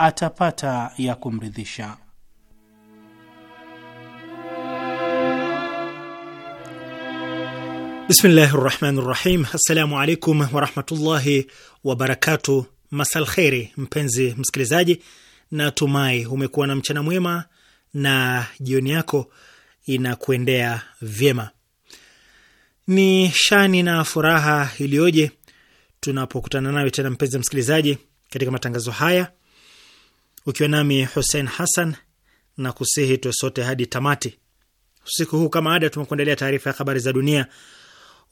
atapata ya kumridhisha. Bismillahi rahmani rahim. Assalamu alaikum warahmatullahi wabarakatu. Masal kheri, mpenzi msikilizaji, na tumai umekuwa na mchana mwema na jioni yako inakuendea vyema. Ni shani na furaha iliyoje tunapokutana nawe tena, mpenzi msikilizaji, katika matangazo haya ukiwa nami Hussein Hassan na kusihi tuwe sote hadi tamati. Usiku huu kama ada, tumekuandalia taarifa ya habari za dunia,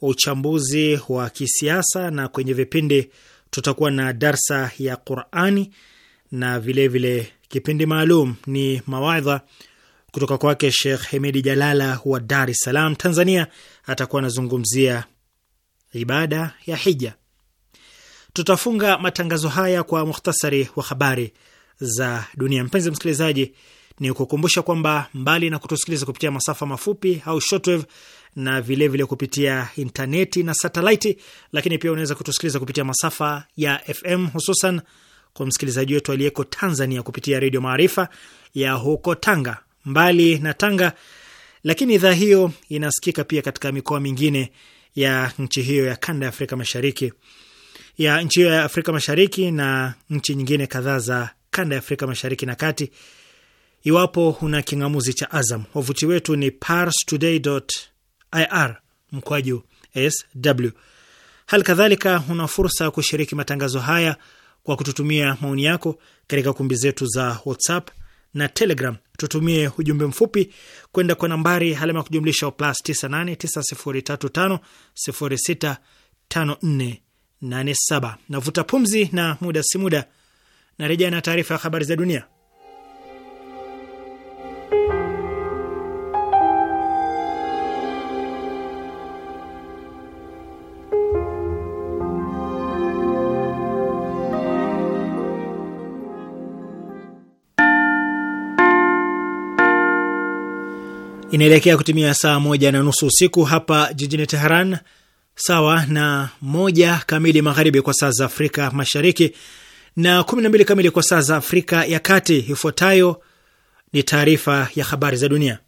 uchambuzi wa kisiasa, na kwenye vipindi tutakuwa na darsa ya Qurani na vilevile vile kipindi maalum ni mawaidha kutoka kwake Shekh Hemedi Jalala wa Dar es Salaam, Tanzania. Atakuwa anazungumzia ibada ya hija. Tutafunga matangazo haya kwa mukhtasari wa habari za dunia. Mpenzi msikilizaji, ni kukumbusha kwamba mbali na kutusikiliza kupitia masafa mafupi au shortwave na vilevile vile kupitia intaneti na satelaiti, lakini pia unaweza kutusikiliza kupitia masafa ya FM hususan kwa msikilizaji wetu aliyeko Tanzania kupitia Redio Maarifa ya huko Tanga. Mbali na Tanga, lakini idhaa hiyo inasikika pia katika mikoa mingine ya nchi hiyo ya kanda ya Afrika Mashariki ya nchi hiyo ya Afrika Mashariki na nchi nyingine kadhaa za kanda ya Afrika Mashariki na Kati iwapo una king'amuzi cha Azam. Wavuti wetu ni parstoday.ir mkwaju sw. Hali kadhalika una fursa ya kushiriki matangazo haya kwa kututumia maoni yako katika kumbi zetu za WhatsApp na Telegram. Tutumie ujumbe mfupi kwenda kwa nambari alama ya kujumlisha plus 989035065487. Navuta pumzi na muda si muda na na taarifa ya habari za dunia. Inaelekea kutumia saa moja na nusu usiku hapa jijini Teheran, sawa na moja kamili magharibi kwa saa za Afrika Mashariki na 12 kamili kwa saa za Afrika ya Kati. Ifuatayo ni taarifa ya habari za dunia,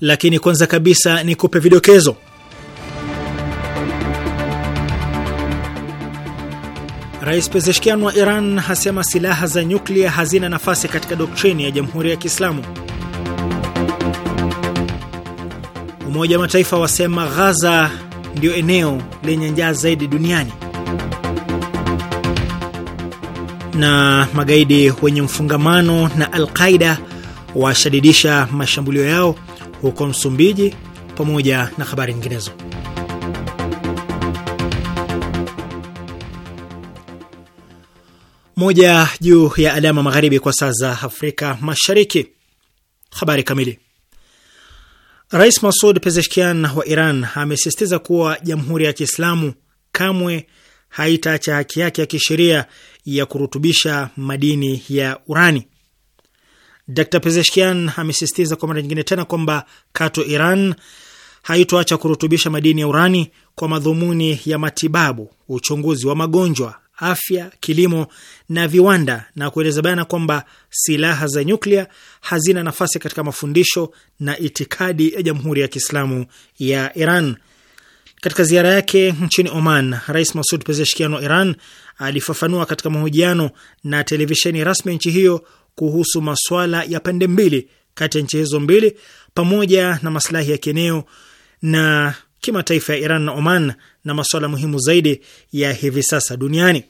lakini kwanza kabisa ni kupe vidokezo Rais Pezeshkian wa Iran hasema silaha za nyuklia hazina nafasi katika doktrini ya Jamhuri ya Kiislamu. Umoja wa Mataifa wasema Ghaza ndio eneo lenye njaa zaidi duniani, na magaidi wenye mfungamano na Alqaida washadidisha mashambulio yao huko Msumbiji, pamoja na habari nyinginezo. Moja juu ya alama magharibi kwa saa za Afrika Mashariki. Habari kamili Rais Masud Pezeshkian wa Iran amesisitiza kuwa Jamhuri ya Kiislamu kamwe haitaacha haki yake ya kisheria ya kurutubisha madini ya urani. Dr Pezeshkian amesisitiza kwa mara nyingine tena kwamba KATO Iran haitoacha kurutubisha madini ya urani kwa madhumuni ya matibabu, uchunguzi wa magonjwa afya, kilimo na viwanda, na kueleza bayana kwamba silaha za nyuklia hazina nafasi katika mafundisho na itikadi ya Jamhuri ya Kiislamu ya Iran. Katika ziara yake nchini Oman, Rais Masud Pezeshkian wa Iran alifafanua katika mahojiano na televisheni rasmi ya nchi hiyo kuhusu maswala ya pande mbili kati ya nchi hizo mbili pamoja na maslahi ya kieneo na kimataifa ya Iran na Oman na masuala muhimu zaidi ya hivi sasa duniani.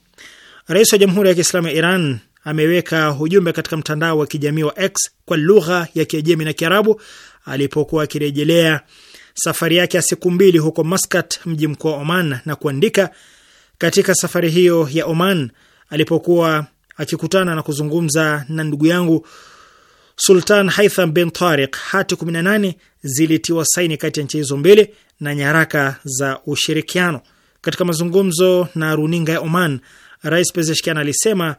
Rais wa Jamhuri ya Kiislamu ya Iran ameweka ujumbe katika mtandao wa kijamii wa X kwa lugha ya Kiajemi na Kiarabu alipokuwa akirejelea safari yake ya siku mbili huko Maskat, mji mkuu wa Oman, na kuandika, katika safari hiyo ya Oman alipokuwa akikutana na kuzungumza na ndugu yangu Sultan Haitham bin Tariq, hati 18 zilitiwa saini kati ya nchi hizo mbili na nyaraka za ushirikiano. Katika mazungumzo na runinga ya Oman, Rais Pezeshkian alisema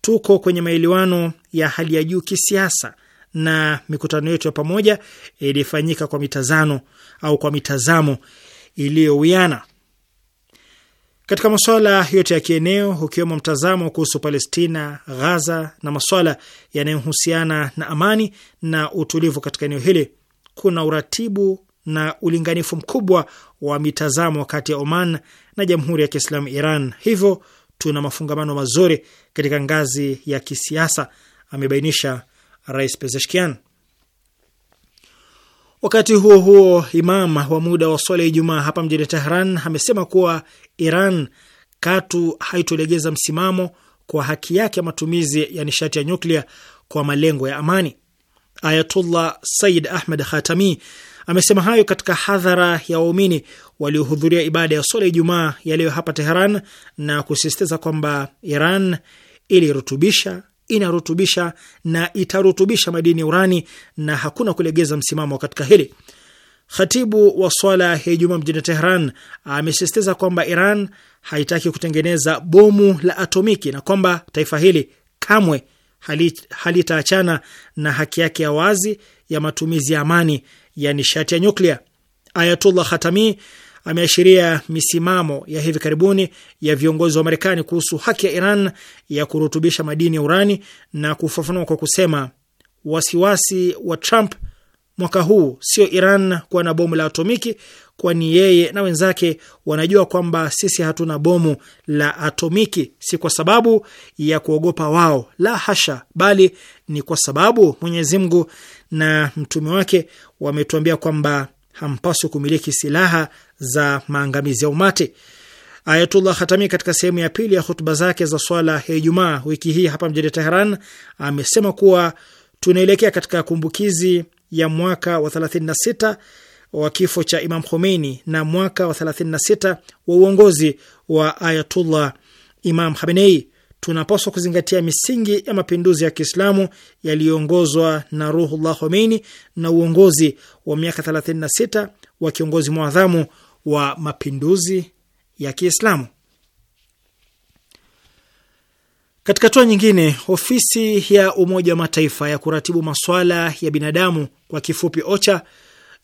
tuko kwenye maelewano ya hali ya juu kisiasa na mikutano yetu ya pamoja ilifanyika kwa mitazano au kwa mitazamo iliyowiana katika masuala yote ya kieneo, ukiwemo mtazamo kuhusu Palestina, Ghaza na masuala yanayohusiana na amani na utulivu katika eneo hili. Kuna uratibu na ulinganifu mkubwa wa mitazamo kati ya Oman na Jamhuri ya Kiislamu Iran, hivyo tuna mafungamano mazuri katika ngazi ya kisiasa, amebainisha Rais Pezeshkian. Wakati huo huo, imam wa muda wa swala ya Ijumaa hapa mjini Tehran amesema kuwa Iran katu haitolegeza msimamo kwa haki yake ya matumizi ya nishati ya nyuklia kwa malengo ya amani. Ayatullah Said Ahmed Khatami amesema hayo katika hadhara ya waumini waliohudhuria ibada ya swala ya Ijumaa yaliyo hapa Teheran na kusisitiza kwamba Iran ilirutubisha inarutubisha na itarutubisha madini ya urani na hakuna kulegeza msimamo katika hili. Khatibu wa swala ya Ijumaa mjini Tehran amesisitiza kwamba Iran haitaki kutengeneza bomu la atomiki na kwamba taifa hili kamwe halitaachana na haki yake ya wazi ya matumizi ya amani ya nishati ya nyuklia. Ayatullah Khatami ameashiria misimamo ya hivi karibuni ya viongozi wa Marekani kuhusu haki ya Iran ya kurutubisha madini ya urani na kufafanua kwa kusema, wasiwasi wa Trump mwaka huu sio Iran kuwa na bomu la atomiki, kwani yeye na wenzake wanajua kwamba sisi hatuna bomu la atomiki, si kwa sababu ya kuogopa wao, la hasha, bali ni kwa sababu Mwenyezi Mungu na mtume wake wametuambia kwamba hampaswi kumiliki silaha za maangamizi ya umati. Ayatullah Khatami katika sehemu ya pili ya hutuba zake za swala ya Ijumaa wiki hii hapa mjini Teheran amesema kuwa tunaelekea katika kumbukizi ya mwaka wa 36 wa kifo cha Imam Khomeini na mwaka wa 36 wa uongozi wa Ayatullah Imam Khamenei tunapaswa kuzingatia misingi ya mapinduzi ya Kiislamu yaliyoongozwa na Ruhullah Khomeini na uongozi wa miaka 36 wa kiongozi mwadhamu wa mapinduzi ya Kiislamu. Katika hatua nyingine, ofisi ya Umoja wa Mataifa ya kuratibu masuala ya binadamu kwa kifupi OCHA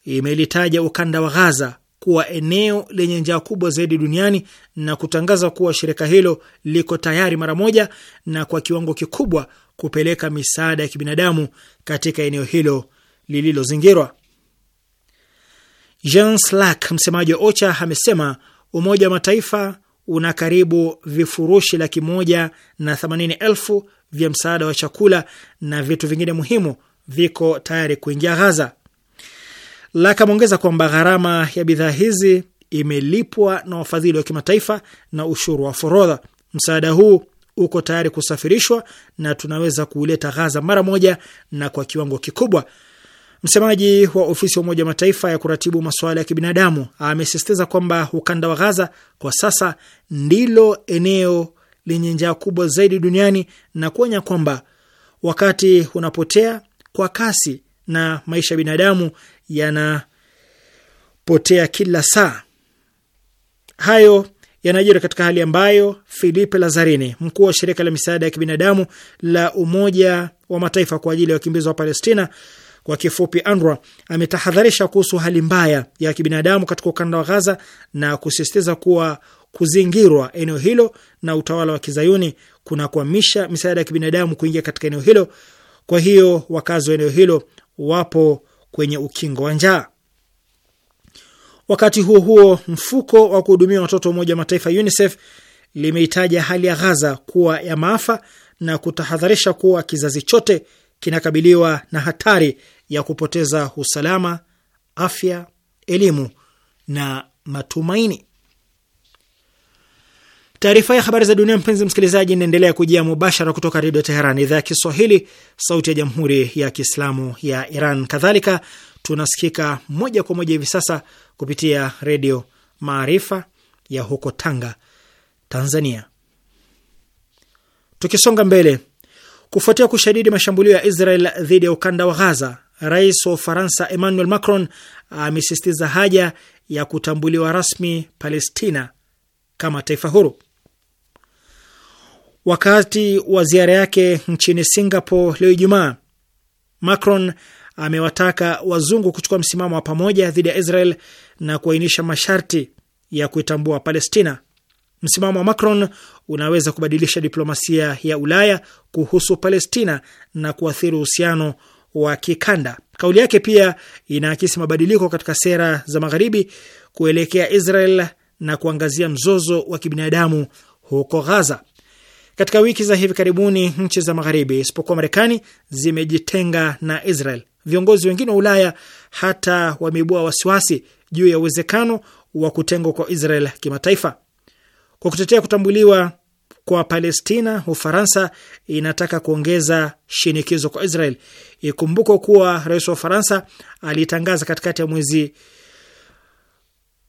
imelitaja ukanda wa Ghaza kuwa eneo lenye njaa kubwa zaidi duniani na kutangaza kuwa shirika hilo liko tayari mara moja na kwa kiwango kikubwa kupeleka misaada ya kibinadamu katika eneo hilo lililozingirwa. Jean Slack, msemaji wa OCHA, amesema Umoja wa Mataifa una karibu vifurushi laki moja na themanini elfu vya msaada wa chakula na vitu vingine muhimu viko tayari kuingia Ghaza. Lak ameongeza kwamba gharama ya bidhaa hizi imelipwa na wafadhili wa kimataifa na ushuru wa forodha. Msaada huu uko tayari kusafirishwa na tunaweza kuuleta Ghaza mara moja na kwa kiwango kikubwa. Msemaji wa ofisi ya Umoja wa Mataifa ya kuratibu masuala ya kibinadamu amesisitiza kwamba ukanda wa Ghaza kwa sasa ndilo eneo lenye njaa kubwa zaidi duniani na kuonya kwamba wakati unapotea kwa kasi na maisha ya binadamu yanapotea kila saa. Hayo yanajiri katika hali ambayo Filipe Lazarini, mkuu wa shirika la misaada ya kibinadamu la Umoja wa Mataifa kwa ajili ya wakimbizi wa Palestina, kwa kifupi UNRWA, ametahadharisha kuhusu hali mbaya ya kibinadamu katika ukanda wa Gaza na kusisitiza kuwa kuzingirwa eneo hilo na utawala wa kizayuni kunakwamisha misaada ya kibinadamu kuingia katika eneo hilo. Kwa hiyo wakazi wa eneo hilo wapo kwenye ukingo wa njaa. Wakati huo huo, mfuko wa kuhudumia watoto wa Umoja wa Mataifa UNICEF limeitaja hali ya Ghaza kuwa ya maafa na kutahadharisha kuwa kizazi chote kinakabiliwa na hatari ya kupoteza usalama, afya, elimu na matumaini. Taarifa ya habari za dunia, mpenzi msikilizaji, inaendelea kujia mubashara kutoka Redio Teheran, idhaa ya Kiswahili, sauti ya jamhuri ya kiislamu ya Iran. Kadhalika tunasikika moja kwa moja hivi sasa kupitia Redio Maarifa ya huko Tanga, Tanzania. Tukisonga mbele, kufuatia kushadidi mashambulio ya Israel dhidi ya ukanda wa Ghaza, rais wa Ufaransa Emmanuel Macron amesisitiza haja ya kutambuliwa rasmi Palestina kama taifa huru. Wakati wa ziara yake nchini Singapore leo Ijumaa, Macron amewataka wazungu kuchukua msimamo wa pamoja dhidi ya Israel na kuainisha masharti ya kuitambua Palestina. Msimamo wa Macron unaweza kubadilisha diplomasia ya Ulaya kuhusu Palestina na kuathiri uhusiano wa kikanda. Kauli yake pia inaakisi mabadiliko katika sera za Magharibi kuelekea Israel na kuangazia mzozo wa kibinadamu huko Ghaza. Katika wiki za hivi karibuni, nchi za Magharibi isipokuwa Marekani zimejitenga na Israel. Viongozi wengine wa Ulaya hata wameibua wasiwasi juu ya uwezekano wa kutengwa kwa Israel kimataifa. Kwa kutetea kutambuliwa kwa Palestina, Ufaransa inataka kuongeza shinikizo kwa Israel. Ikumbukwa kuwa rais wa Ufaransa alitangaza katikati ya mwezi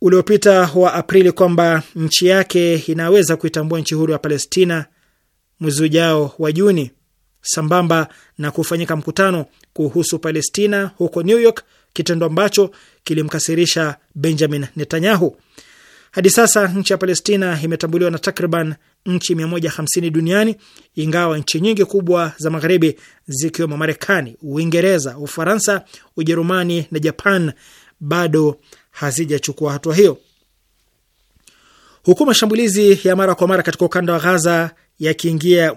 uliopita wa Aprili kwamba nchi yake inaweza kuitambua nchi huru ya Palestina mwezi ujao wa Juni, sambamba na kufanyika mkutano kuhusu Palestina huko New York, kitendo ambacho kilimkasirisha Benjamin Netanyahu. Hadi sasa nchi ya Palestina imetambuliwa na takriban nchi 150 duniani, ingawa nchi nyingi kubwa za magharibi zikiwemo Marekani, Uingereza, Ufaransa, Ujerumani na Japan bado hazijachukua hatua hiyo, huku mashambulizi ya mara kwa mara katika ukanda wa Ghaza yakiingia eh,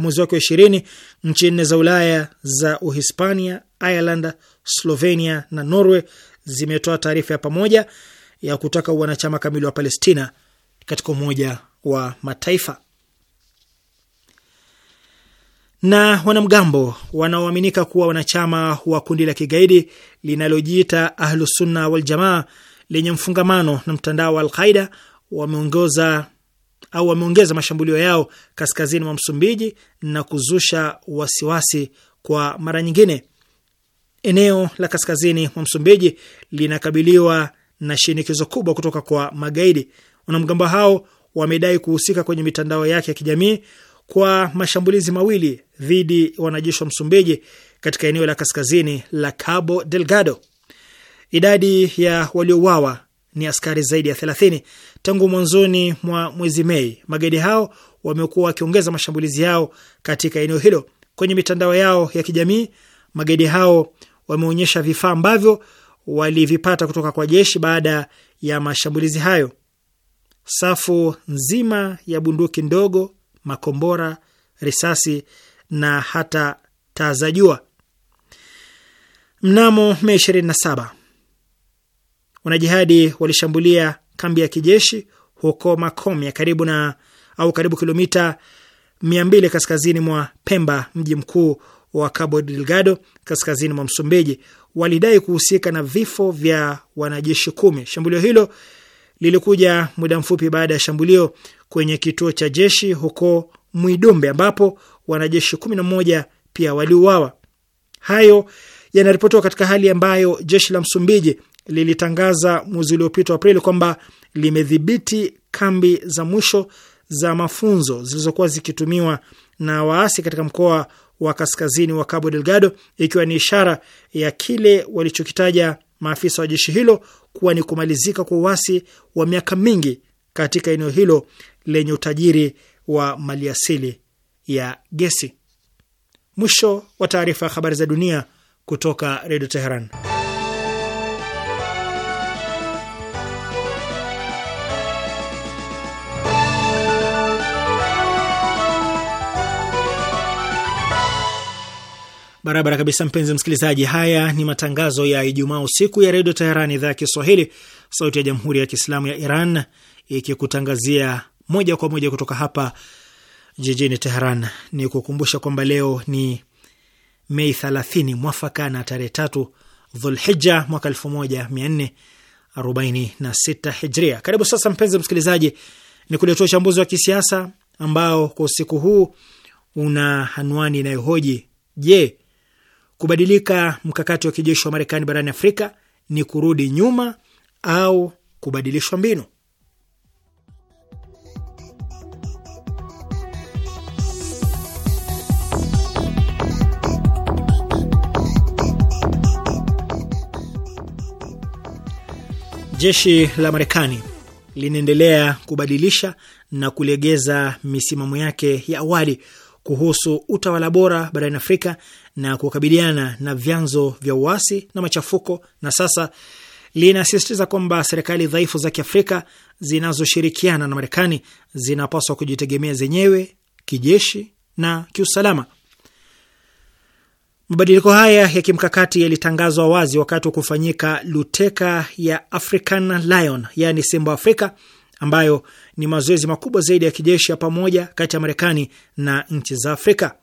mwezi wake wa ishirini nchi nne za Ulaya za Uhispania, Ireland, Slovenia na Norway zimetoa taarifa ya pamoja ya kutaka wanachama kamili wa Palestina katika Umoja wa Mataifa. Na wanamgambo wanaoaminika kuwa wanachama wa kundi la kigaidi linalojiita Ahlusunna Waljamaa lenye mfungamano na mtandao wa Alqaida wameongoza au wameongeza mashambulio yao kaskazini mwa Msumbiji na kuzusha wasiwasi kwa mara nyingine. Eneo la kaskazini mwa Msumbiji linakabiliwa na shinikizo kubwa kutoka kwa magaidi. Wanamgambo hao wamedai kuhusika kwenye mitandao yake ya kijamii kwa mashambulizi mawili dhidi ya wanajeshi wa Msumbiji katika eneo la kaskazini la Cabo Delgado. Idadi ya waliouawa ni askari zaidi ya thelathini tangu mwanzoni mwa mwezi Mei. Magaidi hao wamekuwa wakiongeza mashambulizi yao katika eneo hilo. Kwenye mitandao yao ya kijamii, magaidi hao wameonyesha vifaa ambavyo walivipata kutoka kwa jeshi baada ya mashambulizi hayo: safu nzima ya bunduki ndogo, makombora, risasi na hata taa za jua. Mnamo Mei 27 wanajihadi walishambulia kambi ya kijeshi huko Makomya karibu na au karibu kilomita 200 kaskazini mwa Pemba, mji mkuu wa Cabo Delgado, kaskazini mwa Msumbiji, walidai kuhusika na vifo vya wanajeshi kumi. Shambulio hilo lilikuja muda mfupi baada ya shambulio kwenye kituo cha jeshi huko Mwidumbe ambapo wanajeshi kumi na moja pia waliuawa. Hayo yanaripotiwa katika hali ambayo jeshi la Msumbiji lilitangaza mwezi uliopita Aprili kwamba limedhibiti kambi za mwisho za mafunzo zilizokuwa zikitumiwa na waasi katika mkoa wa kaskazini wa Cabo Delgado, ikiwa ni ishara ya kile walichokitaja maafisa wa jeshi hilo kuwa ni kumalizika kwa uasi wa miaka mingi katika eneo hilo lenye utajiri wa maliasili ya gesi. Mwisho wa taarifa ya habari za dunia kutoka Redio Teheran. Barabara kabisa, mpenzi msikilizaji. Haya ni matangazo ya Ijumaa usiku ya Redio Teheran, idhaa ya Kiswahili, sauti ya Jamhuri ya Kiislamu ya Iran, ikikutangazia moja kwa moja kutoka hapa jijini Teheran. Ni kukumbusha kwamba leo ni Mei 30 mwafaka na tarehe tatu Dhulhija mwaka 1446 Hijria. Karibu sasa, mpenzi msikilizaji, ni kuletea uchambuzi wa kisiasa ambao kwa usiku huu una anwani inayohoji je, Kubadilika mkakati wa kijeshi wa Marekani barani Afrika ni kurudi nyuma au kubadilishwa mbinu? Jeshi la Marekani linaendelea kubadilisha na kulegeza misimamo yake ya awali kuhusu utawala bora barani Afrika na kukabiliana na vyanzo vya uasi na machafuko, na sasa linasisitiza kwamba serikali dhaifu za Kiafrika zinazoshirikiana na Marekani zinapaswa kujitegemea zenyewe kijeshi na kiusalama. Mabadiliko haya ya kimkakati yalitangazwa wazi wakati wa kufanyika luteka ya African Lion, yaani Simba Afrika, ambayo ni mazoezi makubwa zaidi ya kijeshi ya pamoja kati ya Marekani na nchi za Afrika.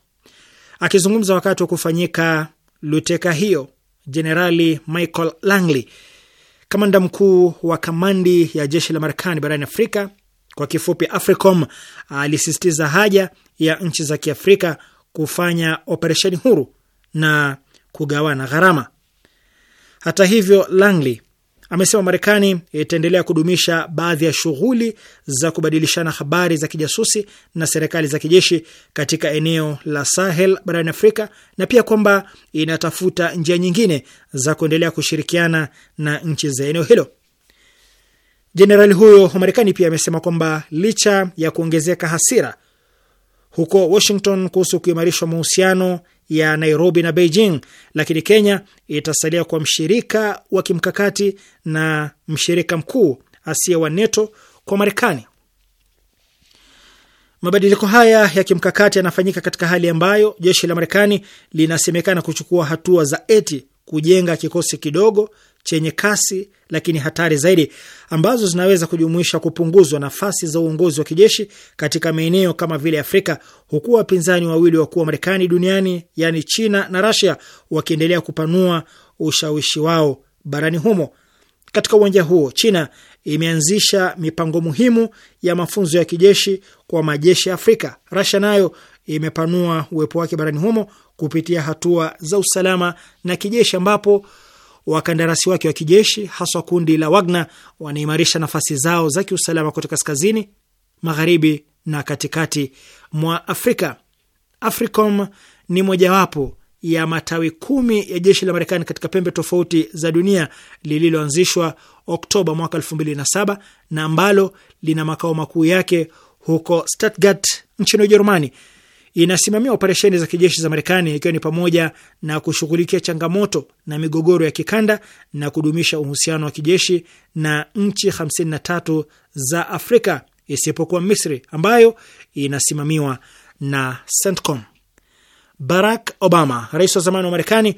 Akizungumza wakati wa kufanyika luteka hiyo, Jenerali Michael Langley, kamanda mkuu wa kamandi ya jeshi la Marekani barani Afrika, kwa kifupi AFRICOM, alisisitiza haja ya nchi za Kiafrika kufanya operesheni huru na kugawana gharama. Hata hivyo, Langley amesema Marekani itaendelea kudumisha baadhi ya shughuli za kubadilishana habari za kijasusi na serikali za kijeshi katika eneo la Sahel barani Afrika na pia kwamba inatafuta njia nyingine za kuendelea kushirikiana na nchi za eneo hilo. Jenerali huyo wa Marekani pia amesema kwamba licha ya kuongezeka hasira huko Washington kuhusu kuimarishwa mahusiano ya Nairobi na Beijing, lakini Kenya itasalia kwa mshirika wa kimkakati na mshirika mkuu asiye wa NATO kwa Marekani. Mabadiliko haya ya kimkakati yanafanyika katika hali ambayo jeshi la Marekani linasemekana kuchukua hatua za eti kujenga kikosi kidogo chenye kasi lakini hatari zaidi ambazo zinaweza kujumuisha kupunguzwa nafasi za uongozi wa kijeshi katika maeneo kama vile Afrika, huku wapinzani wawili wakuu wa Marekani duniani yaani China na Rasia wakiendelea kupanua ushawishi wao barani humo. Katika uwanja huo, China imeanzisha mipango muhimu ya mafunzo ya kijeshi kwa majeshi ya Afrika. Rasia nayo imepanua uwepo wake barani humo kupitia hatua za usalama na kijeshi ambapo wakandarasi wake wa kijeshi haswa kundi la Wagner wanaimarisha nafasi zao za kiusalama kote kaskazini, magharibi na katikati mwa Afrika. AFRICOM ni mojawapo ya matawi kumi ya jeshi la Marekani katika pembe tofauti za dunia lililoanzishwa Oktoba mwaka 2007 na ambalo lina makao makuu yake huko Stuttgart nchini Ujerumani inasimamia operesheni za kijeshi za Marekani ikiwa ni pamoja na kushughulikia changamoto na migogoro ya kikanda na kudumisha uhusiano wa kijeshi na nchi 53 za Afrika isipokuwa Misri ambayo inasimamiwa na CENTCOM. Barack Obama, rais wa zamani wa Marekani,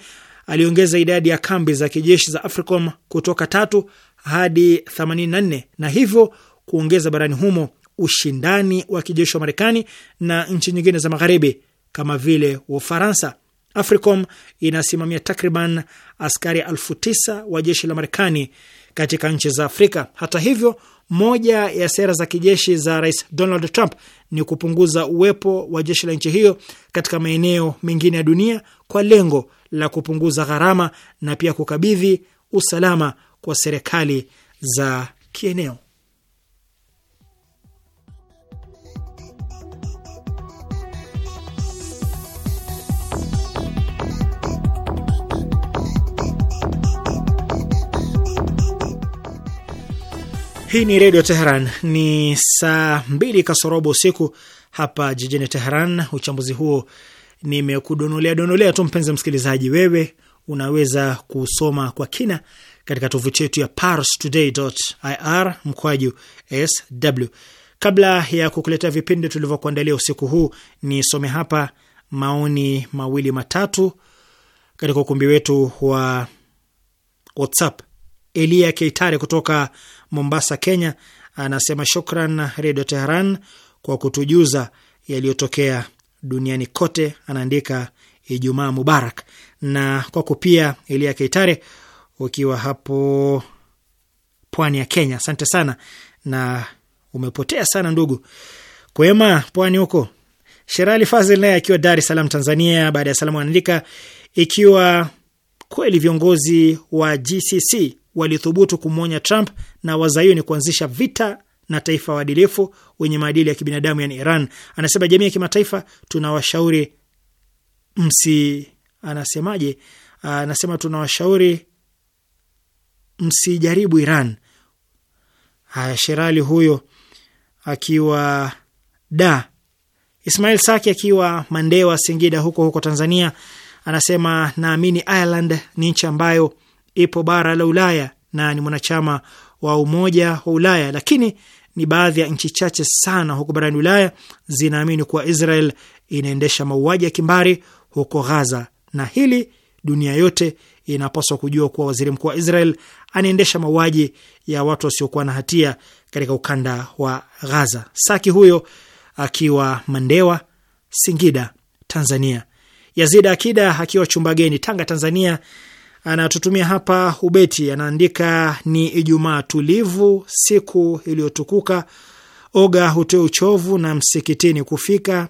aliongeza idadi ya kambi za kijeshi za AFRICOM kutoka tatu hadi 84 na hivyo kuongeza barani humo ushindani wa kijeshi wa Marekani na nchi nyingine za magharibi kama vile Ufaransa. AFRICOM inasimamia takriban askari elfu tisa wa jeshi la Marekani katika nchi za Afrika. Hata hivyo, moja ya sera za kijeshi za Rais Donald Trump ni kupunguza uwepo wa jeshi la nchi hiyo katika maeneo mengine ya dunia kwa lengo la kupunguza gharama na pia kukabidhi usalama kwa serikali za kieneo. Hii ni Redio Teheran. Ni saa mbili kasorobo usiku hapa jijini Teheran. Uchambuzi huo nimekudonolea donolea tu, mpenzi msikilizaji, wewe unaweza kusoma kwa kina katika tovuti yetu ya parstoday.ir mkwaju sw. Kabla ya kukuletea vipindi tulivyokuandalia usiku huu, nisome hapa maoni mawili matatu katika ukumbi wetu wa WhatsApp. Elia Keitare kutoka Mombasa, Kenya, anasema shukran Redio Teheran kwa kutujuza yaliyotokea duniani kote. Anaandika Ijumaa Mubarak na kwako pia Elia Keitare ukiwa hapo pwani ya Kenya. Asante sana na umepotea sana ndugu, kwema pwani huko. Sherali Fazil naye akiwa Dar es Salaam, Tanzania, baada ya salamu anaandika ikiwa kweli viongozi wa GCC walithubutu kumwonya Trump na wazayuni kuanzisha vita na taifa waadilifu wenye maadili ya kibinadamu yani Iran. Anasema jamii ya kimataifa tunawashauri msi, anasemaje? Anasema tunawashauri msijaribu Iran. Haya, Sherali huyo akiwa da Ismail Saki akiwa Mandewa, Singida, huko huko Tanzania, anasema naamini Ireland ni nchi ambayo ipo bara la Ulaya na ni mwanachama wa Umoja wa Ulaya, lakini ni baadhi ya nchi chache sana huko barani Ulaya zinaamini kuwa Israel inaendesha mauaji ya kimbari huko Ghaza, na hili dunia yote inapaswa kujua kuwa waziri mkuu wa Israel anaendesha mauaji ya watu wasiokuwa na hatia katika ukanda wa Ghaza. Saki huyo akiwa Mandewa, Singida, Tanzania. Yazida Akida akiwa Chumbageni, Tanga, Tanzania anatutumia hapa ubeti, anaandika ni Ijumaa tulivu, siku iliyotukuka, oga hutoe uchovu na msikitini kufika,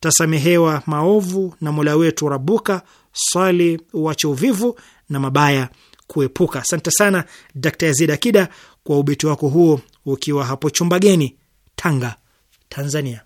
tasamehewa maovu na mola wetu rabuka, swali uwache uvivu na mabaya kuepuka. Asante sana Dkt. Yazid Akida kwa ubeti wako huo, ukiwa hapo Chumbageni, Tanga, Tanzania.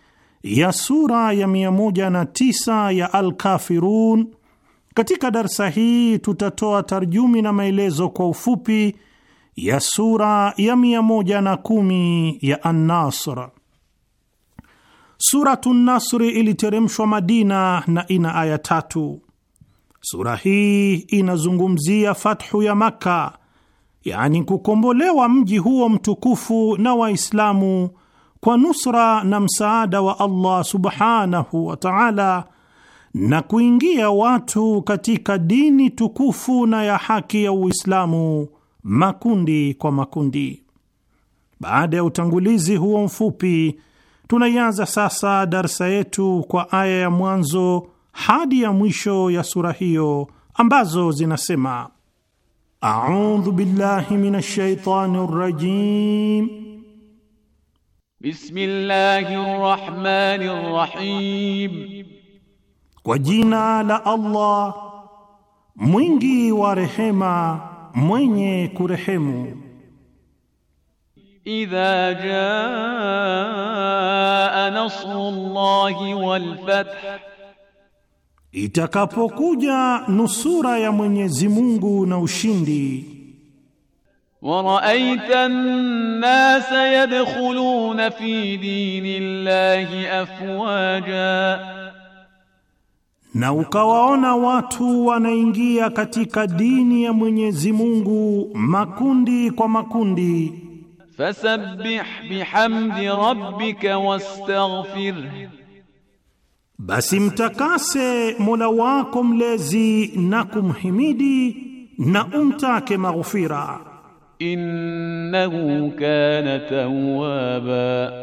ya sura ya 109 ya Al-Kafirun. Katika darsa hii tutatoa tarjumi na maelezo kwa ufupi ya sura ya 110 ya An-Nasr. Suratu Nasri iliteremshwa Madina na ina aya tatu. Sura hii inazungumzia fathu ya Makka, yaani kukombolewa mji huo mtukufu na Waislamu kwa nusra na msaada wa Allah subhanahu wa ta'ala na kuingia watu katika dini tukufu na ya haki ya Uislamu makundi kwa makundi. Baada ya utangulizi huo mfupi, tunaianza sasa darsa yetu kwa aya ya mwanzo hadi ya mwisho ya sura hiyo ambazo zinasema: audhu billahi minash shaitani rrajim Bismillahir kwa jina la Allah mwingi wa rehema mwenye kurehemu. Idha jaa nasrullahi wal fath, itakapokuja nusura ya Mwenyezi Mungu na ushindi waraita an-nasa yadkhuluna fi dinillahi afwaja, na ukawaona watu wanaingia katika dini ya Mwenyezi Mungu makundi kwa makundi. Fasabbih bihamdi rabbika wastaghfir, basi mtakase Mola wako mlezi na kumhimidi na umtake maghfira innahu kana tawwaba,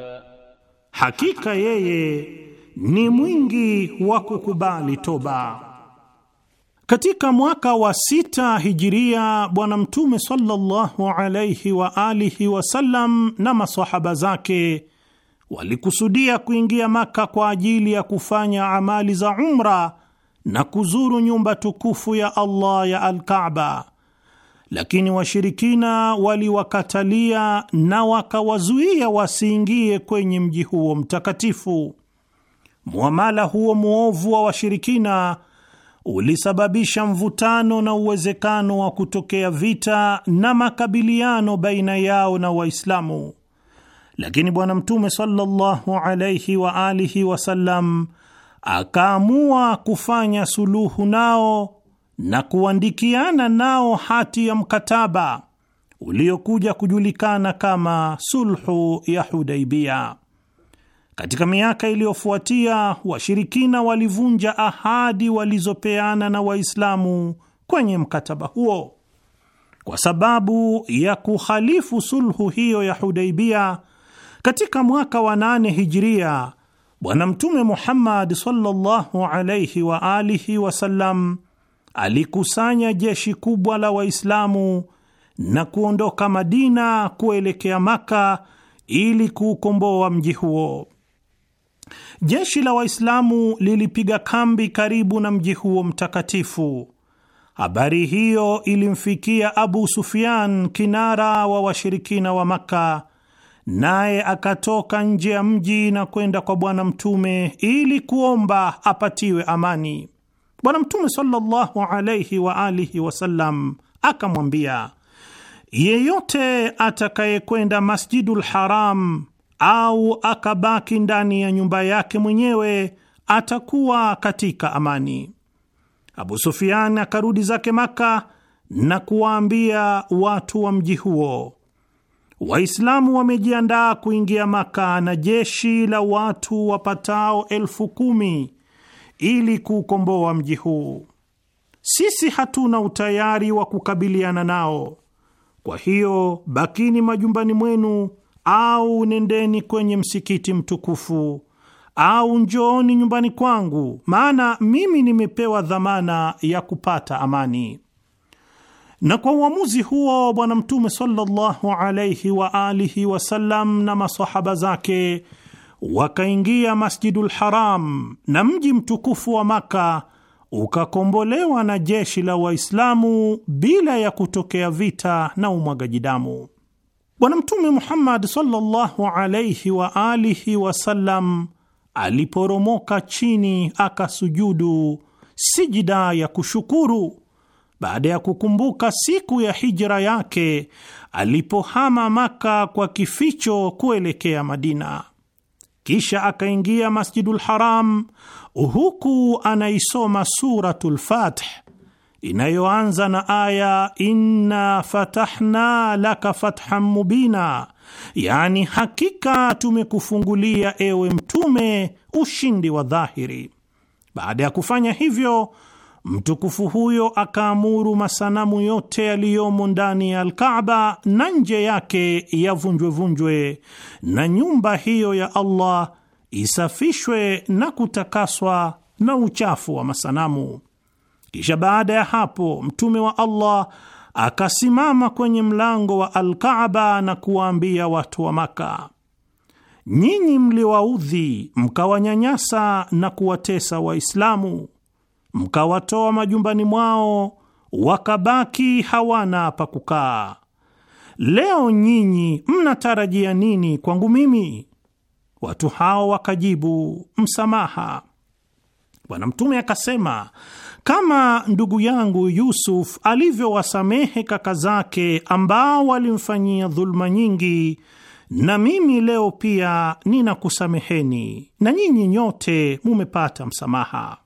hakika yeye ni mwingi wa kukubali toba. Katika mwaka wa sita hijiria, Bwana Mtume sallallahu alayhi wa alihi wasallam na masahaba zake walikusudia kuingia Maka kwa ajili ya kufanya amali za umra na kuzuru nyumba tukufu ya Allah ya Alkaaba lakini washirikina waliwakatalia na wakawazuia wasiingie kwenye mji huo mtakatifu. Muamala huo mwovu wa washirikina ulisababisha mvutano na uwezekano wa kutokea vita na makabiliano baina yao na Waislamu, lakini Bwana Mtume sallallahu alaihi wa alihi wasallam akaamua kufanya suluhu nao na kuandikiana nao hati ya mkataba uliokuja kujulikana kama sulhu ya Hudaibia. Katika miaka iliyofuatia, washirikina walivunja ahadi walizopeana na Waislamu kwenye mkataba huo. Kwa sababu ya kuhalifu sulhu hiyo ya Hudaibia, katika mwaka wa nane Hijiria, Bwana Mtume Muhammad sallallahu alaihi wa alihi wasallam alikusanya jeshi kubwa la Waislamu na kuondoka Madina kuelekea Maka ili kuukomboa mji huo. Jeshi la Waislamu lilipiga kambi karibu na mji huo mtakatifu. Habari hiyo ilimfikia Abu Sufyan, kinara wa washirikina wa Makka, naye akatoka nje ya mji na kwenda kwa Bwana Mtume ili kuomba apatiwe amani. Bwana Mtume sallallahu alaihi wa alihi wasallam akamwambia, yeyote atakayekwenda Masjidul Haram au akabaki ndani ya nyumba yake mwenyewe atakuwa katika amani. Abu Sufyan akarudi zake Maka na kuwaambia watu wa mji huo, Waislamu wamejiandaa kuingia Maka na jeshi la watu wapatao elfu kumi ili kuukomboa mji huu. Sisi hatuna utayari wa kukabiliana nao, kwa hiyo bakini majumbani mwenu au nendeni kwenye msikiti mtukufu au njooni nyumbani kwangu, maana mimi nimepewa dhamana ya kupata amani. Na kwa uamuzi huo Bwana Mtume sallallahu alaihi wa alihi wasallam na masahaba zake wakaingia Masjidul Haram na mji mtukufu wa Maka ukakombolewa na jeshi la Waislamu bila ya kutokea vita na umwagaji damu. Bwana Mtume Muhammad sallallahu alayhi wa alihi wasallam aliporomoka chini akasujudu sijida ya kushukuru baada ya kukumbuka siku ya hijra yake alipohama Maka kwa kificho kuelekea Madina. Kisha akaingia Masjidul Haram huku anaisoma Suratul Fath inayoanza na aya inna fatahna laka fathan mubina, yani hakika tumekufungulia ewe Mtume ushindi wa dhahiri. Baada ya kufanya hivyo Mtukufu huyo akaamuru masanamu yote yaliyomo ndani ya Alkaaba na nje yake yavunjwevunjwe na nyumba hiyo ya Allah isafishwe na kutakaswa na uchafu wa masanamu. Kisha baada ya hapo, mtume wa Allah akasimama kwenye mlango wa Alkaaba na kuwaambia watu wa Maka, nyinyi mliwaudhi mkawanyanyasa na kuwatesa Waislamu mkawatoa majumbani mwao wakabaki hawana pa kukaa. Leo nyinyi mnatarajia nini kwangu mimi? Watu hao wakajibu, msamaha. Bwana Mtume akasema, kama ndugu yangu Yusuf alivyowasamehe kaka zake ambao walimfanyia dhuluma nyingi, na mimi leo pia ninakusameheni na nyinyi nyote mumepata msamaha.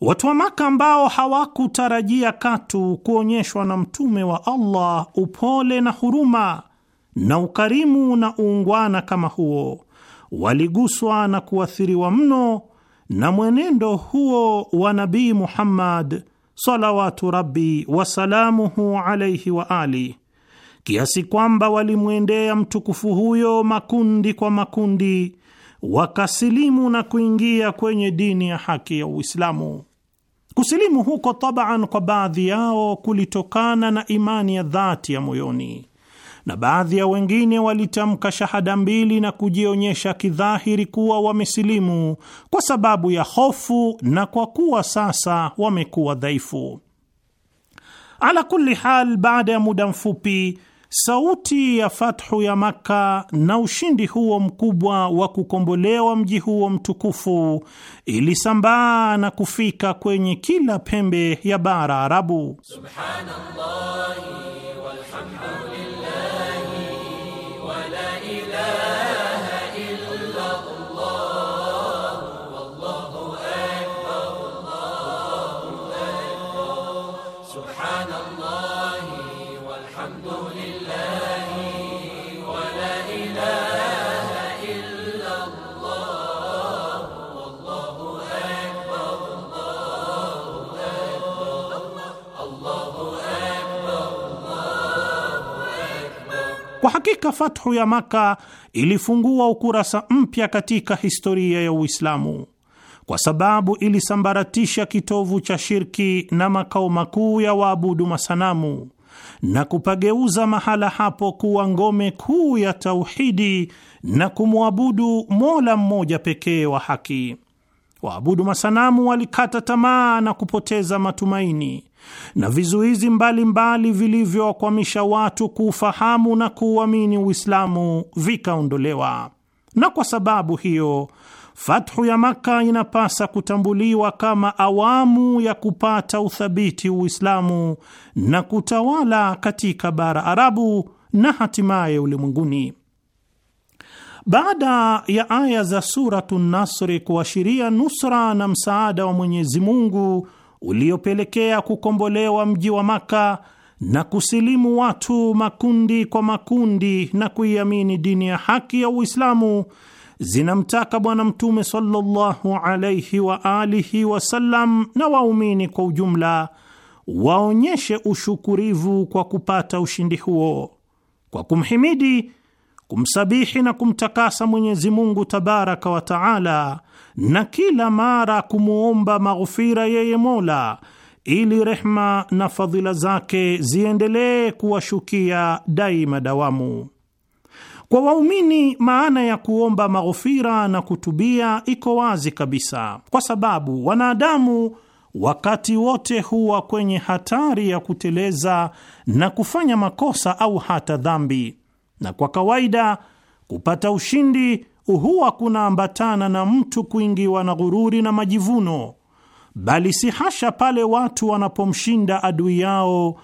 Watu wa Maka ambao hawakutarajia katu kuonyeshwa na mtume wa Allah upole na huruma na ukarimu na uungwana kama huo, waliguswa na kuathiriwa mno na mwenendo huo wa Nabii Muhammad salawatu rabbi wasalamuhu alaihi wa ali, kiasi kwamba walimwendea mtukufu huyo makundi kwa makundi, wakasilimu na kuingia kwenye dini ya haki ya Uislamu. Kusilimu huko tabaan kwa baadhi yao kulitokana na imani ya dhati ya moyoni, na baadhi ya wengine walitamka shahada mbili na kujionyesha kidhahiri kuwa wamesilimu kwa sababu ya hofu na kwa kuwa sasa wamekuwa dhaifu. Ala kulli hal, baada ya muda mfupi Sauti ya fathu ya Makka na ushindi huo mkubwa wa kukombolewa mji huo mtukufu ilisambaa na kufika kwenye kila pembe ya bara Arabu. Subhanallah. Kwa hakika fathu ya Maka ilifungua ukurasa mpya katika historia ya Uislamu kwa sababu ilisambaratisha kitovu cha shirki na makao makuu ya waabudu masanamu na kupageuza mahala hapo kuwa ngome kuu ya tauhidi na kumwabudu Mola mmoja pekee wa haki. Waabudu masanamu walikata tamaa na kupoteza matumaini na vizuizi mbalimbali vilivyowakwamisha watu kuufahamu na kuuamini Uislamu vikaondolewa. Na kwa sababu hiyo fathu ya makka inapasa kutambuliwa kama awamu ya kupata uthabiti Uislamu na kutawala katika bara Arabu na hatimaye ulimwenguni. Baada ya aya za Suratu Nasri kuashiria nusra na msaada wa Mwenyezi Mungu uliopelekea kukombolewa mji wa Maka na kusilimu watu makundi kwa makundi na kuiamini dini ya haki ya Uislamu zinamtaka Bwana Mtume sallallahu alaihi wa alihi wasallam na waumini kwa ujumla waonyeshe ushukurivu kwa kupata ushindi huo kwa kumhimidi, kumsabihi na kumtakasa Mwenyezi Mungu tabaraka wa taala na kila mara kumwomba maghfira yeye Mola ili rehma na fadhila zake ziendelee kuwashukia daima dawamu. Kwa waumini, maana ya kuomba maghfira na kutubia iko wazi kabisa, kwa sababu wanadamu wakati wote huwa kwenye hatari ya kuteleza na kufanya makosa au hata dhambi, na kwa kawaida kupata ushindi huwa kunaambatana na mtu kuingiwa na ghururi na majivuno, bali si hasha pale watu wanapomshinda adui yao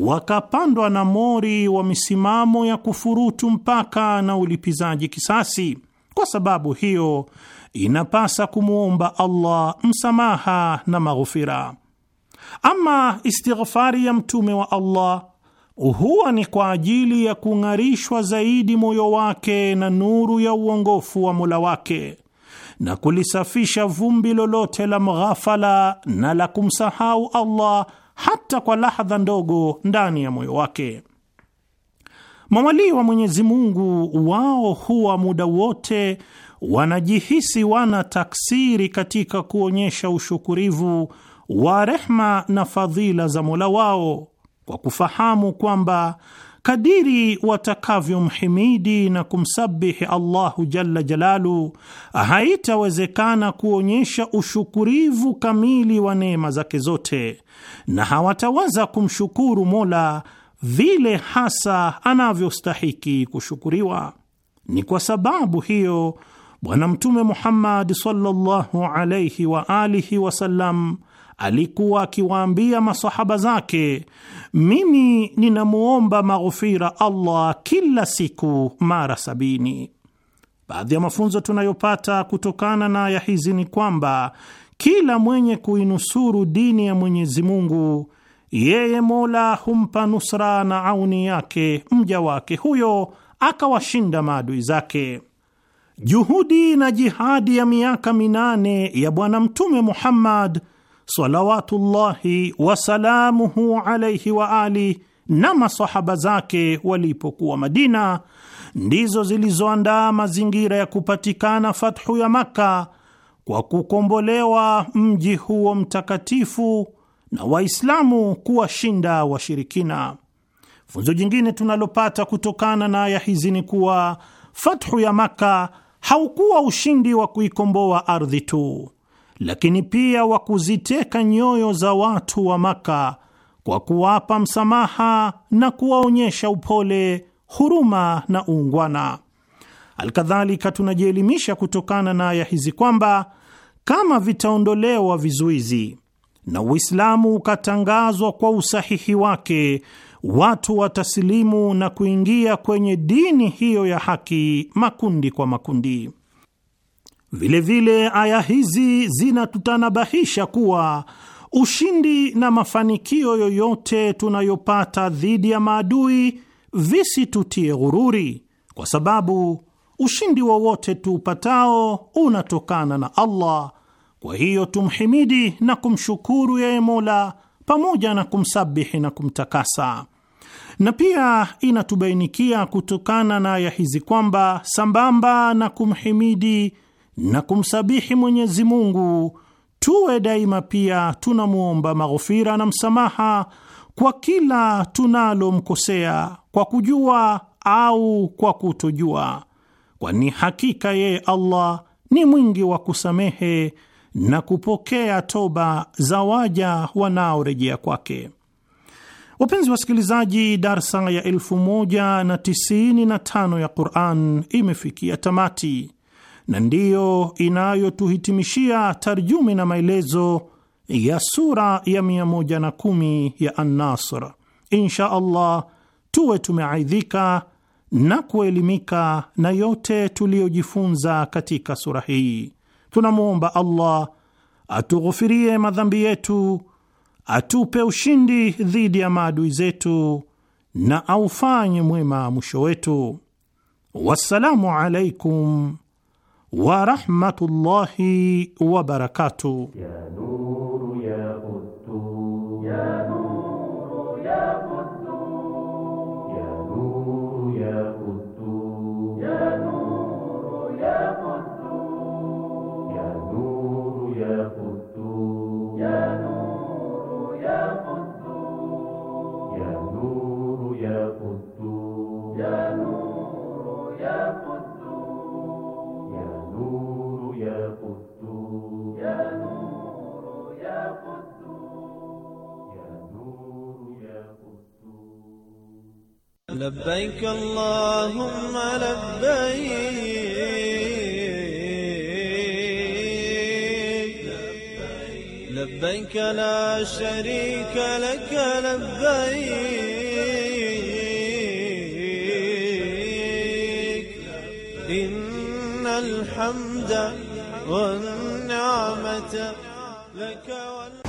wakapandwa na mori wa misimamo ya kufurutu mpaka na ulipizaji kisasi. Kwa sababu hiyo, inapasa kumwomba Allah msamaha na maghufira. Ama istighfari ya mtume wa Allah huwa ni kwa ajili ya kung'arishwa zaidi moyo wake na nuru ya uongofu wa Mola wake na kulisafisha vumbi lolote la mghafala na la kumsahau Allah hata kwa lahadha ndogo ndani ya moyo wake. Mawalii wa Mwenyezi Mungu wao huwa muda wote wanajihisi wana taksiri katika kuonyesha ushukurivu wa rehma na fadhila za Mola wao kwa kufahamu kwamba kadiri watakavyomhimidi na kumsabihi Allahu jalla jalalu, haitawezekana kuonyesha ushukurivu kamili wa neema zake zote, na hawataweza kumshukuru Mola vile hasa anavyostahiki kushukuriwa. Ni kwa sababu hiyo Bwana Mtume Muhammad sallallahu alayhi wa alihi wasallam alikuwa akiwaambia masahaba zake, mimi ninamwomba maghufira Allah kila siku mara sabini. Baadhi ya mafunzo tunayopata kutokana na aya hizi ni kwamba kila mwenye kuinusuru dini ya Mwenyezi Mungu, yeye Mola humpa nusra na auni yake mja wake huyo, akawashinda maadui zake. Juhudi na jihadi ya miaka minane ya Bwana Mtume Muhammad salawatullahi wasalamuhu alaihi wa ali na masahaba zake walipokuwa Madina ndizo zilizoandaa mazingira ya kupatikana fathu ya Makka kwa kukombolewa mji huo mtakatifu na Waislamu kuwashinda washirikina. Funzo jingine tunalopata kutokana na aya hizi ni kuwa fathu ya Makka haukuwa ushindi wa kuikomboa ardhi tu lakini pia wa kuziteka nyoyo za watu wa Maka kwa kuwapa msamaha na kuwaonyesha upole, huruma na uungwana. Alkadhalika, tunajielimisha kutokana na aya hizi kwamba kama vitaondolewa vizuizi na Uislamu ukatangazwa kwa usahihi wake, watu watasilimu na kuingia kwenye dini hiyo ya haki makundi kwa makundi. Vilevile aya hizi zinatutanabahisha kuwa ushindi na mafanikio yoyote tunayopata dhidi ya maadui visitutie ghururi, kwa sababu ushindi wowote tuupatao unatokana na Allah. Kwa hiyo tumhimidi na kumshukuru yeye Mola pamoja na kumsabihi na kumtakasa. Na pia inatubainikia kutokana na aya hizi kwamba sambamba na kumhimidi na kumsabihi Mwenyezi Mungu, tuwe daima pia tunamwomba maghufira na msamaha kwa kila tunalomkosea kwa kujua au kwa kutojua, kwani hakika yeye Allah ni mwingi wa kusamehe na kupokea toba za waja wanaorejea kwake. Wapenzi wasikilizaji, darsa ya elfu ya Quran imefikia tamati na ndiyo inayotuhitimishia tarjumi na maelezo ya sura ya 110 ya An-Nasr. Insha Allah tuwe tumeaidhika na kuelimika na yote tuliyojifunza katika sura hii. Tunamwomba Allah atughufirie madhambi yetu, atupe ushindi dhidi ya maadui zetu na aufanye mwema mwisho wetu. Wassalamu alaikum ورحمة الله وبركاته يا نور يا يا نور لبيك اللهم لبيك لبيك لا شريك لك لبيك إن الحمد والنعمة لك والنعمة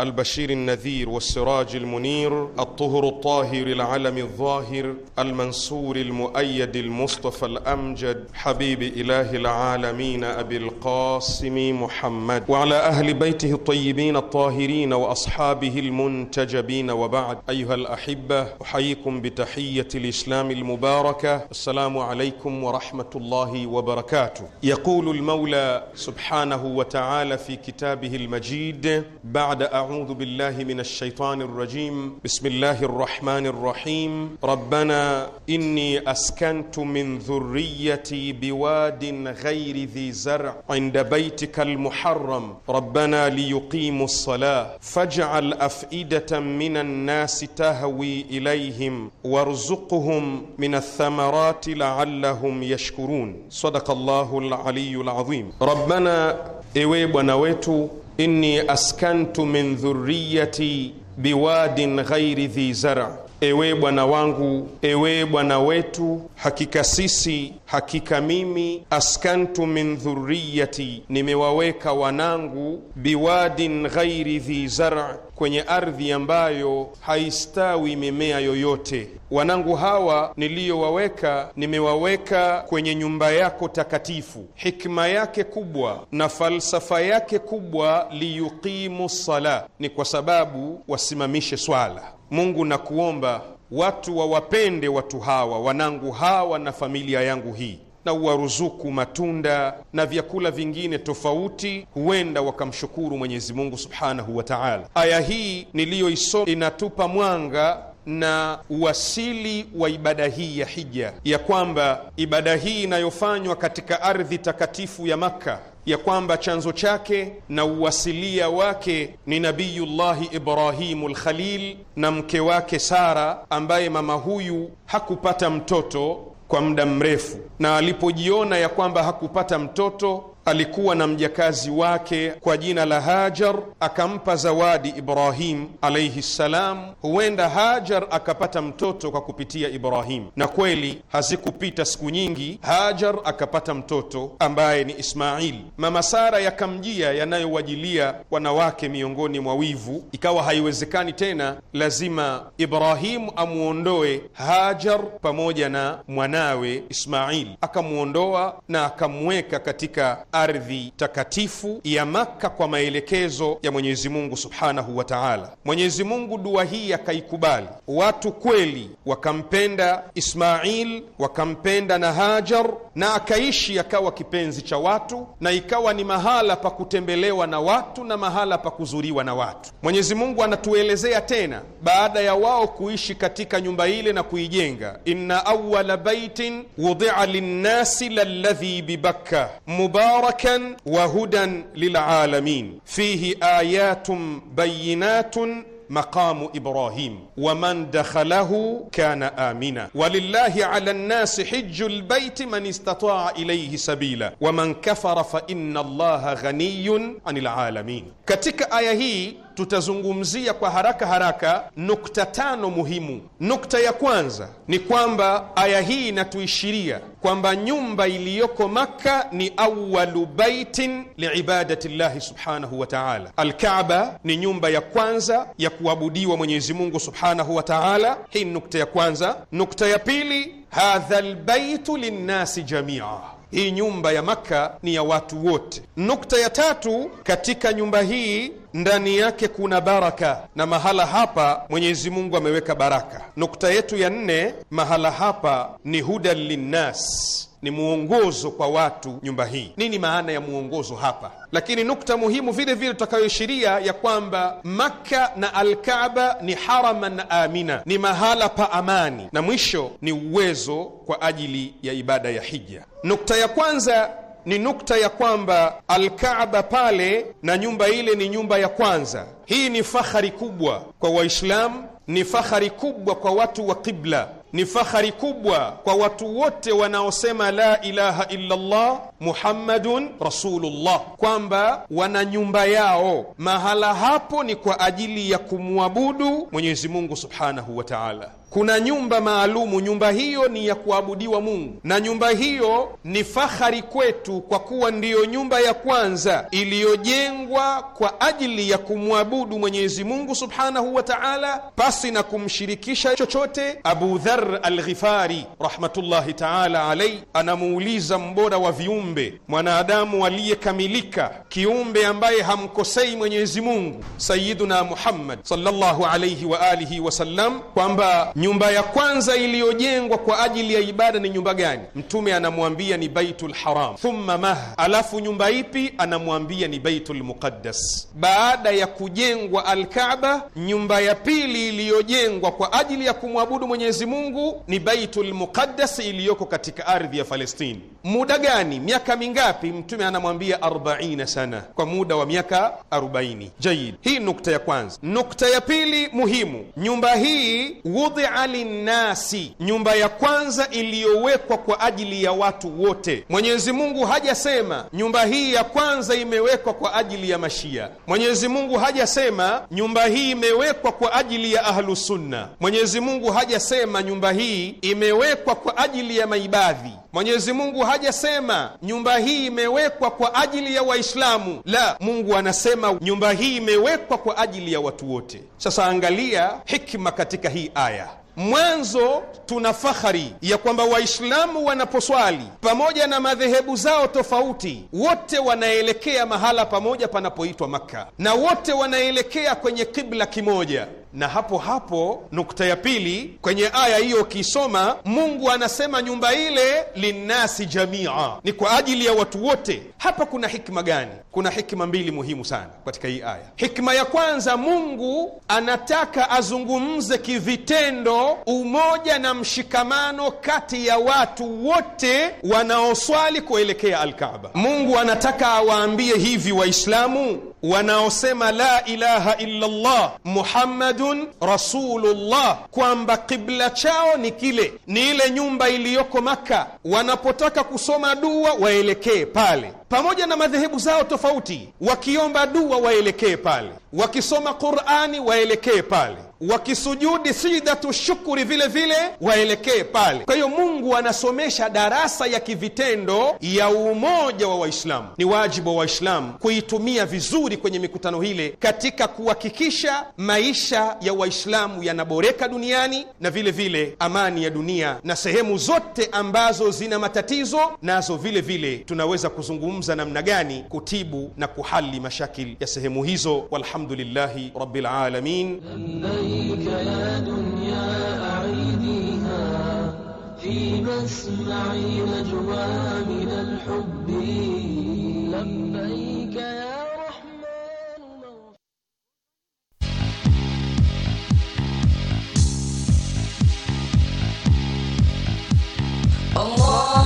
البشير النذير والسراج المنير الطهر الطاهر العلم الظاهر المنصور المؤيد المصطفى الأمجد حبيب إله العالمين أبي القاسم محمد وعلى أهل بيته الطيبين الطاهرين وأصحابه المنتجبين وبعد أيها الأحبة أحييكم بتحية الإسلام المباركة السلام عليكم ورحمة الله وبركاته يقول المولى سبحانه وتعالى في كتابه المجيد بعد أعوذ بالله من الشيطان الرجيم بسم الله الرحمن الرحيم ربنا إني أسكنت من ذريتي بواد غير ذي زرع عند بيتك المحرم ربنا ليقيموا الصلاة فاجعل أفئدة من الناس تهوي إليهم وارزقهم من الثمرات لعلهم يشكرون صدق الله العلي العظيم ربنا ewe bwana wetu إني أسكنت من ذريتي بواد غير ذي زرع Ewe Bwana wangu, ewe Bwana wetu, hakika sisi, hakika mimi, askantu min dhurriyati, nimewaweka wanangu, biwadin ghairi dhi zar kwenye ardhi ambayo haistawi mimea yoyote. Wanangu hawa niliyowaweka, nimewaweka kwenye nyumba yako takatifu. Hikma yake kubwa na falsafa yake kubwa, liyuqimu sala, ni kwa sababu wasimamishe swala Mungu nakuomba watu wawapende watu hawa wanangu hawa na familia yangu hii, na uwaruzuku matunda na vyakula vingine tofauti, huenda wakamshukuru Mwenyezi Mungu subhanahu wa taala. Aya hii niliyoisoma inatupa mwanga na uwasili wa ibada hii ya hija, ya kwamba ibada hii inayofanywa katika ardhi takatifu ya Makka ya kwamba chanzo chake na uwasilia wake ni Nabiyullahi Ibrahimu Lkhalil na mke wake Sara, ambaye mama huyu hakupata mtoto kwa muda mrefu, na alipojiona ya kwamba hakupata mtoto alikuwa na mjakazi wake kwa jina la Hajar, akampa zawadi Ibrahim alaihi ssalam. Huenda Hajar akapata mtoto kwa kupitia Ibrahim, na kweli hazikupita siku nyingi, Hajar akapata mtoto ambaye ni Ismail. Mama Sara yakamjia yanayowajilia wanawake miongoni mwa wivu, ikawa haiwezekani tena, lazima Ibrahimu amuondoe Hajar pamoja na mwanawe Ismail. Akamwondoa na akamweka katika ardhi takatifu ya Makka kwa maelekezo ya Mwenyezi Mungu subhanahu wa taala. Mwenyezi Mungu dua hii akaikubali, watu kweli wakampenda Ismail, wakampenda na Hajar, na akaishi akawa kipenzi cha watu, na ikawa ni mahala pa kutembelewa na watu na mahala pa kuzuriwa na watu. Mwenyezi Mungu anatuelezea tena baada ya wao kuishi katika nyumba ile na kuijenga, inna awala baitin wudia linnasi lalladhi bibakka mubarak مباركا وهدى للعالمين فيه ايات بينات مقام ابراهيم ومن دخله كان امنا ولله على الناس حج البيت من استطاع اليه سبيلا ومن كفر فان الله غني عن العالمين كتك ايه هي tutazungumzia kwa haraka haraka nukta tano muhimu. Nukta ya kwanza ni kwamba aya hii inatuishiria kwamba nyumba iliyoko Makka ni awalu baitin liibadati llahi subhanahu wa taala. Alkaba ni nyumba ya kwanza ya kuabudiwa Mwenyezi Mungu subhanahu wa taala. Hii ni nukta ya kwanza. Nukta ya pili, hadha lbaitu linnasi jamia hii nyumba ya Makka ni ya watu wote. Nukta ya tatu, katika nyumba hii ndani yake kuna baraka, na mahala hapa Mwenyezi Mungu ameweka baraka. Nukta yetu ya nne, mahala hapa ni hudan linnas ni mwongozo kwa watu nyumba hii. Nini maana ya mwongozo hapa? Lakini nukta muhimu vile vile tutakayoishiria ya kwamba Makka na Alkaaba ni haraman amina, ni mahala pa amani, na mwisho ni uwezo kwa ajili ya ibada ya hija. Nukta ya kwanza ni nukta ya kwamba alkaba pale na nyumba ile ni nyumba ya kwanza. Hii ni fahari kubwa kwa Waislamu, ni fahari kubwa kwa watu wa qibla ni fahari kubwa kwa watu wote wanaosema la ilaha illallah muhammadun rasulullah, kwamba wana nyumba yao mahala hapo ni kwa ajili ya kumwabudu Mwenyezi Mungu subhanahu wa taala kuna nyumba maalumu. Nyumba hiyo ni ya kuabudiwa Mungu, na nyumba hiyo ni fahari kwetu, kwa kuwa ndiyo nyumba ya kwanza iliyojengwa kwa ajili ya kumwabudu Mwenyezi Mungu subhanahu wa taala, pasi na kumshirikisha chochote. Abu Dhar Alghifari rahmatullahi taala alaihi anamuuliza mbora wa viumbe, mwanadamu aliyekamilika, kiumbe ambaye hamkosei Mwenyezi Mungu, Sayiduna Muhammad sallallahu alaihi wa alihi wasallam, kwamba nyumba ya kwanza iliyojengwa kwa ajili ya ibada ni nyumba gani? Mtume anamwambia ni Baitul Haram. Thumma maha, alafu nyumba ipi? Anamwambia ni Baitul Muqaddas. Baada ya kujengwa Alkaaba, nyumba ya pili iliyojengwa kwa ajili ya kumwabudu Mwenyezi Mungu ni Baitul Muqaddas iliyoko katika ardhi ya falestini Muda gani? Miaka mingapi? Mtume anamwambia 40 sana, kwa muda wa miaka 40. Jaid, hii nukta ya kwanza. Nukta ya pili muhimu, nyumba hii wudhia ali nnasi, nyumba ya kwanza iliyowekwa kwa ajili ya watu wote. Mwenyezi Mungu hajasema nyumba hii ya kwanza imewekwa kwa ajili ya Mashia. Mwenyezi Mungu hajasema nyumba hii imewekwa kwa ajili ya Ahlusunna. Mwenyezi Mungu hajasema nyumba hii imewekwa kwa ajili ya maibadhi. Mwenyezi Mungu hajasema nyumba hii imewekwa kwa ajili ya Waislamu. La, Mungu anasema nyumba hii imewekwa kwa ajili ya watu wote. Sasa angalia hikma katika hii aya. Mwanzo tuna fahari ya kwamba Waislamu wanaposwali pamoja na madhehebu zao tofauti, wote wanaelekea mahala pamoja panapoitwa Makka, na wote wanaelekea kwenye kibla kimoja na hapo hapo nukta ya pili kwenye aya hiyo, ukisoma Mungu anasema nyumba ile linnasi jamia, ni kwa ajili ya watu wote. Hapa kuna hikma gani? Kuna hikma mbili muhimu sana katika hii aya. Hikma ya kwanza, Mungu anataka azungumze kivitendo umoja na mshikamano kati ya watu wote wanaoswali kuelekea Alkaaba. Mungu anataka awaambie hivi Waislamu wanaosema la ilaha illallah Muhammadu Muhammadun Rasulullah, kwamba kibla chao ni kile, ni ile nyumba iliyoko Maka. Wanapotaka kusoma dua waelekee pale, pamoja na madhehebu zao tofauti. Wakiomba dua waelekee pale, wakisoma Qurani waelekee pale wakisujudi sijidatu shukuri vile vile waelekee pale. Kwa hiyo Mungu anasomesha darasa ya kivitendo ya umoja wa Waislamu. Ni wajibu wa Waislamu kuitumia vizuri kwenye mikutano hile katika kuhakikisha maisha ya Waislamu yanaboreka duniani na vile vile amani ya dunia, na sehemu zote ambazo zina matatizo nazo vile vile tunaweza kuzungumza namna gani kutibu na kuhali mashakili ya sehemu hizo. Walhamdulillahi rabbil alamin. عليك يا دنيا أعيديها في مسمع نجوى من الحب لبيك يا رحمن الله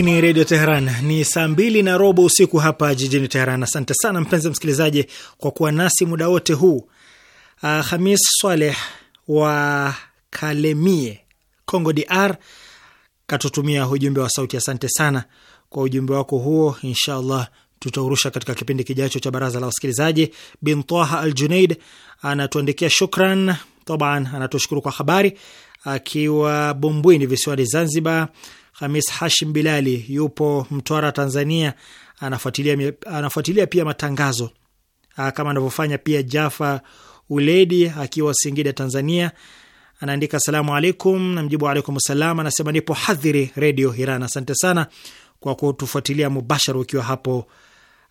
Hii ni Redio Teheran. Ni saa mbili na robo usiku hapa jijini Teheran. Asante sana mpenzi msikilizaji kwa kuwa nasi muda wote huu. Uh, ah, Hamis Swaleh wa Kalemie, Congo DR katutumia ujumbe wa sauti. Asante sana kwa ujumbe wako huo. Inshallah tutaurusha katika kipindi kijacho cha baraza la wasikilizaji. Bin Taha Al Junaid anatuandikia shukran taban, anatushukuru kwa habari akiwa Bumbwini visiwani Zanzibar. Hamis Hashim Bilali yupo Mtwara, Tanzania, anafuatilia, anafuatilia pia matangazo ah, kama anavyofanya pia Jafa Uledi akiwa Singida, Tanzania. Anaandika salamu alaikum, namjibu alaikum salam. Anasema nipo hadhiri Redio Iran. Asante sana kwa kutufuatilia mubashara ukiwa hapo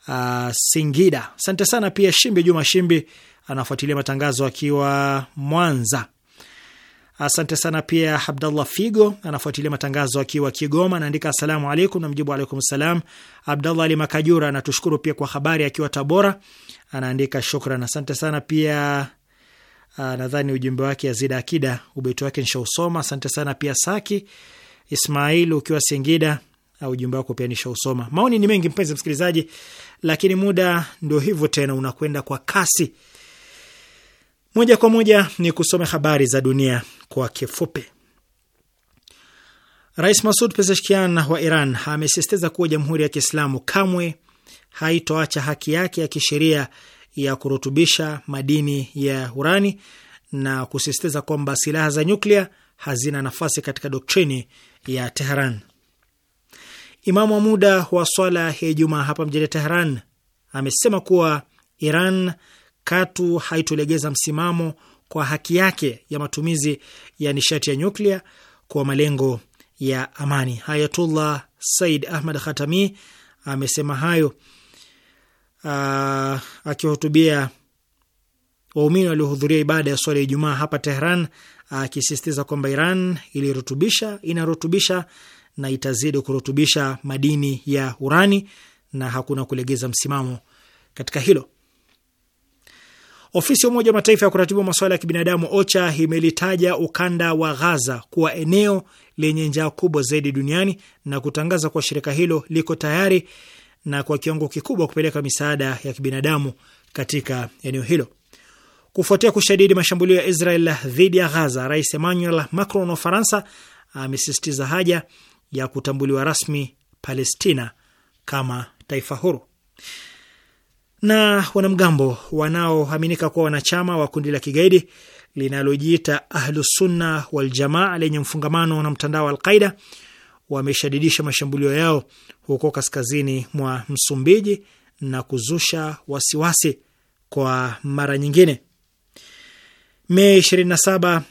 uh, Singida. Asante sana pia Shimbi Juma Shimbi anafuatilia matangazo akiwa Mwanza. Asante sana pia Abdallah Figo anafuatilia matangazo akiwa Kigoma, anaandika asalamu alaikum, na mjibu alaikum salam. Abdallah Ali Makajura anatushukuru pia kwa habari akiwa Tabora, anaandika shukran. Asante sana pia uh, nadhani ujumbe wake Azida Akida ubeti wake nishausoma. Asante sana pia Saki Ismail ukiwa Singida, ah, ujumbe wako pia nishausoma. Maoni ni mengi mpenzi msikilizaji, lakini muda ndio hivyo tena unakwenda kwa kasi. Moja kwa moja ni kusome habari za dunia kwa kifupi. Rais Masud Pezeshkian wa Iran amesisitiza kuwa Jamhuri ya Kiislamu kamwe haitoacha haki yake ya kisheria ya kurutubisha madini ya urani na kusisitiza kwamba silaha za nyuklia hazina nafasi katika doktrini ya Teheran. Imamu wa muda wa swala ya Ijumaa hapa mjini Teheran amesema kuwa Iran katu haitolegeza msimamo kwa haki yake ya matumizi ya nishati ya nyuklia kwa malengo ya amani. Hayatullah Said Ahmad Khatami amesema hayo uh, akihutubia waumini waliohudhuria ibada ya swala ya Ijumaa hapa Tehran, akisisitiza kwamba Iran ilirutubisha, inarutubisha na itazidi kurutubisha madini ya urani na hakuna kulegeza msimamo katika hilo. Ofisi ya Umoja wa Mataifa ya kuratibu masuala ya kibinadamu OCHA imelitaja ukanda wa Ghaza kuwa eneo lenye njaa kubwa zaidi duniani na kutangaza kuwa shirika hilo liko tayari na kwa kiwango kikubwa kupeleka misaada ya kibinadamu katika eneo hilo. Kufuatia kushadidi mashambulio ya Israel dhidi ya Ghaza, Rais Emmanuel Macron wa Ufaransa amesisitiza haja ya kutambuliwa rasmi Palestina kama taifa huru na wanamgambo wanaoaminika kuwa wanachama wa kundi la kigaidi linalojiita Ahlusunna Waljamaa lenye mfungamano na mtandao wa Alqaida wameshadidisha mashambulio yao huko kaskazini mwa Msumbiji na kuzusha wasiwasi kwa mara nyingine. Mei 27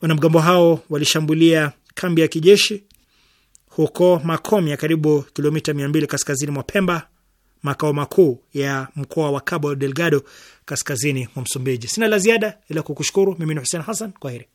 wanamgambo hao walishambulia kambi ya kijeshi huko Makomya, karibu kilomita 200 kaskazini mwa Pemba makao makuu ya mkoa wa Cabo Delgado, kaskazini mwa Msumbiji. Sina la ziada ila kukushukuru. Mimi ni Hussein Hassan, kwa heri.